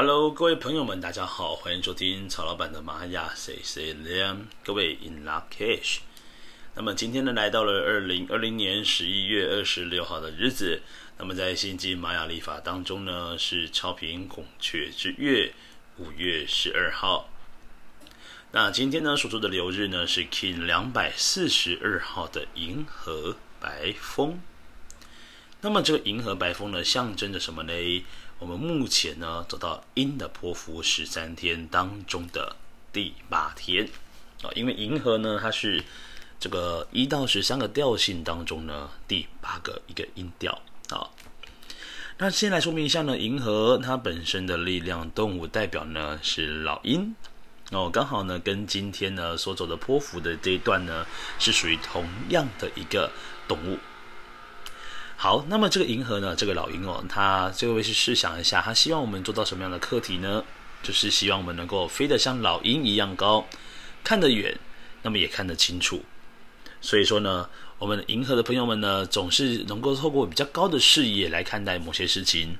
Hello，各位朋友們，大家好，歡迎收聽曹老板的瑪雅 say say 念各位 In Lak'ech。那麼今天呢，來到了二零二零年十一月二十六號的日子。那麼在星際瑪雅曆法當中呢，是超頻孔雀之月五月十二號。那今天呢，所做的流日呢是 Kin 兩百四十二號的銀河白風。那麼這個銀河白風呢，象徵着什麼呢？我們目前呢走到鷹的波符十三天當中的第八天啊、哦，因為銀河呢它是這個一到十三個調性當中呢第八個一個音調啊、哦。那先來說明一下呢，銀河它本身的力量動物代表呢是老鷹哦，剛好呢跟今天呢所走的波符的這一段呢是屬於同樣的一個動物。好，那麼這個銀河呢？這個老鷹哦，它這位去試想一下，它希望我們做到什麼樣的課題呢？就是希望我們能夠飛得像老鷹一樣高，看得遠，那麼也看得清楚。所以說呢，我們銀河的朋友們呢，總是能夠透過比較高的視野來看待某些事情。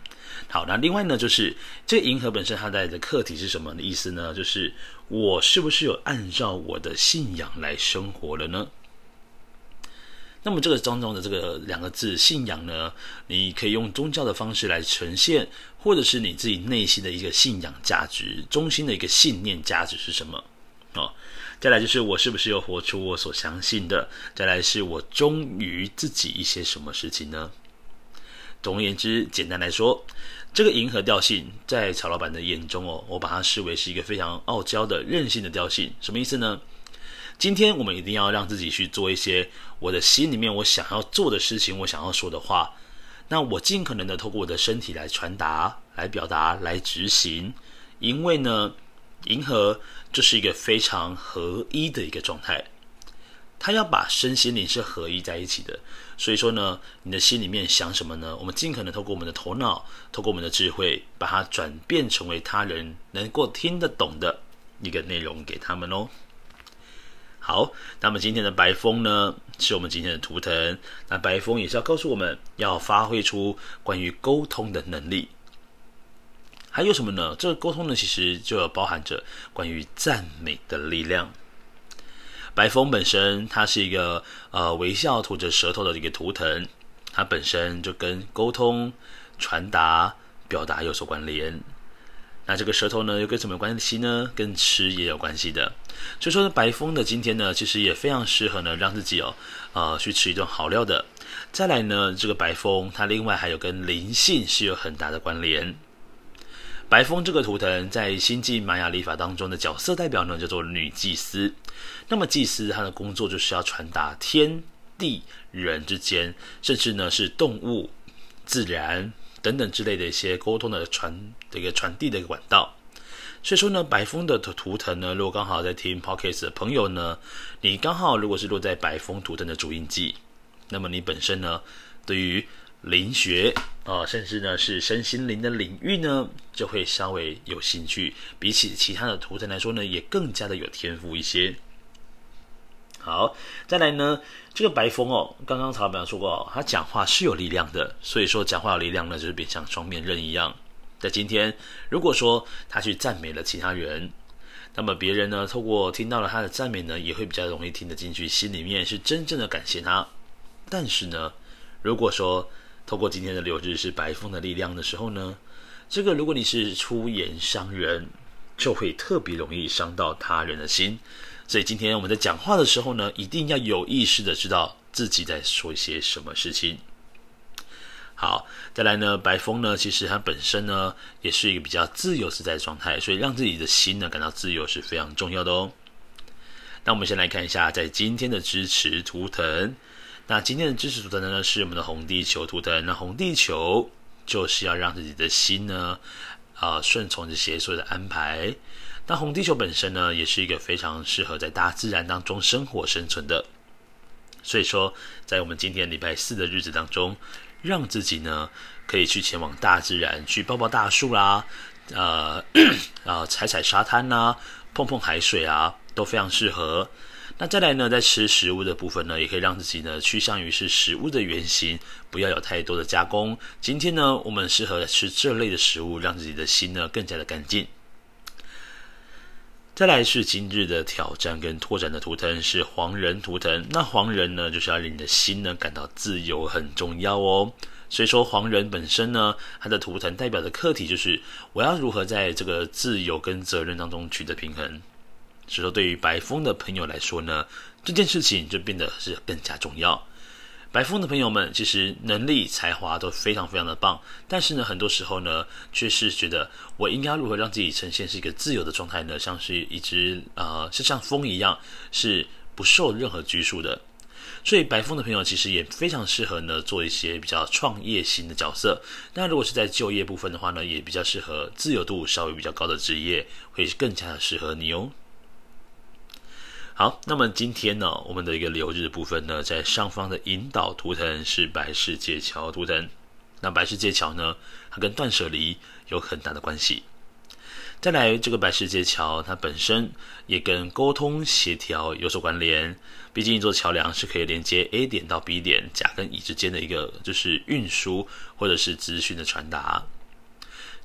好，那另外呢，就是這個銀河本身它帶的課題是什麼的意思呢？就是我是不是有按照我的信仰來生活了呢？那麼這個當中的這個兩個字信仰呢，你可以用宗教的方式來呈現，或者是你自己內心的一個信仰價值，中心的一個信念價值是什麼？哦，再來就是我是不是有活出我所相信的？再來是我忠於自己一些什麼事情呢？總而言之，簡單來說，這個銀河調性在曹老板的眼中哦，我把它視為是一個非常傲嬌的、任性的調性，什麼意思呢？今天我們一定要讓自己去做一些我的心裡面我想要做的事情，我想要說的話。那我盡可能的透過我的身體來傳達、來表達、來執行，因為呢，銀河就是一個非常合一的一個狀態，它要把身心靈是合一在一起的。所以說呢，你的心裡面想什麼呢？我們盡可能透過我們的頭腦、透過我們的智慧，把它轉變成為他人能夠聽得懂的一個內容給他們哦。好，那麼今天的白風呢，是我們今天的圖騰。那白風也是要告訴我們要發揮出關於溝通的能力，還有什麼呢？這個溝通呢，其實就包含着關於讚美的力量。白風本身，它是一個呃微笑吐着舌頭的一個圖騰，它本身就跟溝通、傳達、表達有所關聯。那這個舌頭呢，又跟什麼有關係呢？跟吃也有關係的。所以說呢，白風呢，今天呢，其實也非常適合呢，讓自己哦，呃，去吃一頓好料的。再來呢，這個白風它另外還有跟靈性是有很大的關聯。白風這個圖騰在星際瑪雅曆法當中的角色代表呢，叫做女祭司。那麼祭司她的工作就是要傳達天地人之間，甚至呢是動物、自然。等等之類的一些溝通的傳這個傳遞的一個管道，所以說呢，白風的圖騰呢，如果剛好在聽 podcast 的朋友呢，你剛好如果是落在白風圖騰的主印記，那麼你本身呢，對於靈學啊、呃，甚至呢是身心靈的領域呢，就會稍微有興趣，比起其他的圖騰來說呢，也更加的有天賦一些。好，再來呢，這個白風哦，剛剛曹老說過，哦，他講話是有力量的，所以說講話的力量呢，就是變像雙面刃一樣。在今天，如果說他去讚美了其他人，那麼別人呢，透過聽到了他的讚美呢，也會比較容易聽得進去，心裡面是真正的感謝他。但是呢，如果說透過今天的流日是白風的力量的時候呢，這個如果你是出言傷人，就會特別容易傷到他人的心。所以今天我們在講話的時候呢，一定要有意識地知道自己在說一些什麼事情。好，再來呢，白風呢，其實它本身呢，也是一個比較自由自在的狀態，所以讓自己的心呢，感到自由是非常重要的哦。那我們先來看一下在今天的支持圖騰，那今天的支持圖騰呢，是我們的紅地球圖騰。那紅地球就是要讓自己的心呢，啊，順從這些所有的安排。那紅地球本身呢，也是一個非常適合在大自然當中生活生存的。所以說，在我們今天禮拜四的日子當中，讓自己呢可以去前往大自然，去抱抱大樹啦、啊，呃呃， 然後踩踩沙灘吶、啊，碰碰海水啊，都非常適合。那再來呢，在吃食物的部分呢，也可以讓自己呢趨向於是食物的原型，不要有太多的加工。今天呢，我們適合吃這類的食物，讓自己的心呢更加的乾淨。再來是今日的挑戰跟拓展的圖騰是黃人圖騰，那黃人呢就是要令你的心呢感到自由很重要哦，所以說，黃人本身呢，它的圖騰代表的課題就是我要如何在這個自由跟責任當中取得平衡。所以說，對於白風的朋友來說呢，這件事情就變得是更加重要。白風的朋友們，其實能力才華都非常非常的棒，但是呢，很多時候呢，卻是覺得我應該如何讓自己呈現是一個自由的狀態呢？像是一隻啊，是，呃，像風一樣，是不受任何拘束的。所以，白風的朋友其實也非常適合呢，做一些比較創業型的角色。那如果是在就業部分的話呢，也比較適合自由度稍微比較高的職業，會更加的適合你哦。好，那麼今天呢，我們的一個流日部分呢，在上方的引導圖騰是白世界橋圖騰。那白世界橋呢，它跟斷舍離有很大的關係。再來，這個白世界橋它本身也跟溝通協調有所關聯。畢竟一座橋樑是可以連接 A 點到 B 點，甲跟乙之間的一個就是運輸或者是資訊的傳達。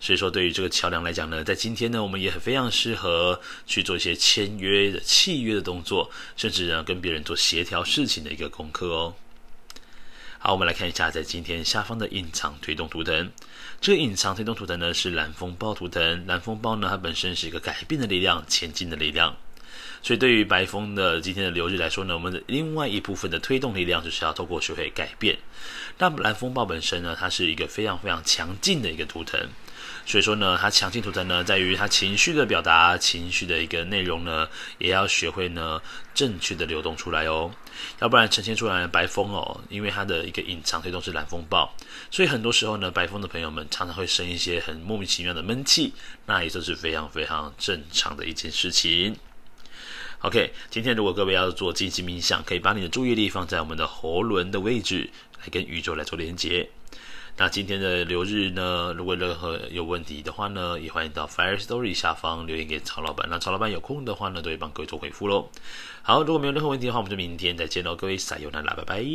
所以說，對於這個橋樑來講呢，在今天呢，我們也很非常適合去做一些簽約的、契約的動作，甚至呢，跟別人做協調事情的一個功課哦。好，我們來看一下，在今天下方的隱藏推動圖騰，這個隱藏推動圖騰呢是藍風暴圖騰，藍風暴呢它本身是一個改變的力量，前進的力量。所以，對於白風的今天的流日來說呢，我們的另外一部分的推動力量就是要透過學會改變。那麼藍風暴本身呢，它是一個非常非常強勁的一個圖騰，所以說呢，它強勁圖騰呢，在於它情緒的表達，情緒的一個內容呢，也要學會呢正確的流動出來哦，要不然呈現出來的白風哦，因為它的一個隱藏推動是藍風暴，所以很多時候呢，白風的朋友們常常會生一些很莫名其妙的悶氣，那也就是非常非常正常的一件事情。OK，今天如果各位要做靜心冥想，可以把你的注意力放在我們的喉輪的位置，來跟宇宙來做連接。那今天的流日呢，如果任何有問題的話呢，也歡迎到 Firstory 下方留言給曹老闆。那曹老闆有空的話呢，都會幫各位做回復嘍。好，如果沒有任何問題的話，我們就明天再見嘍。各位撒由那拉，拜拜。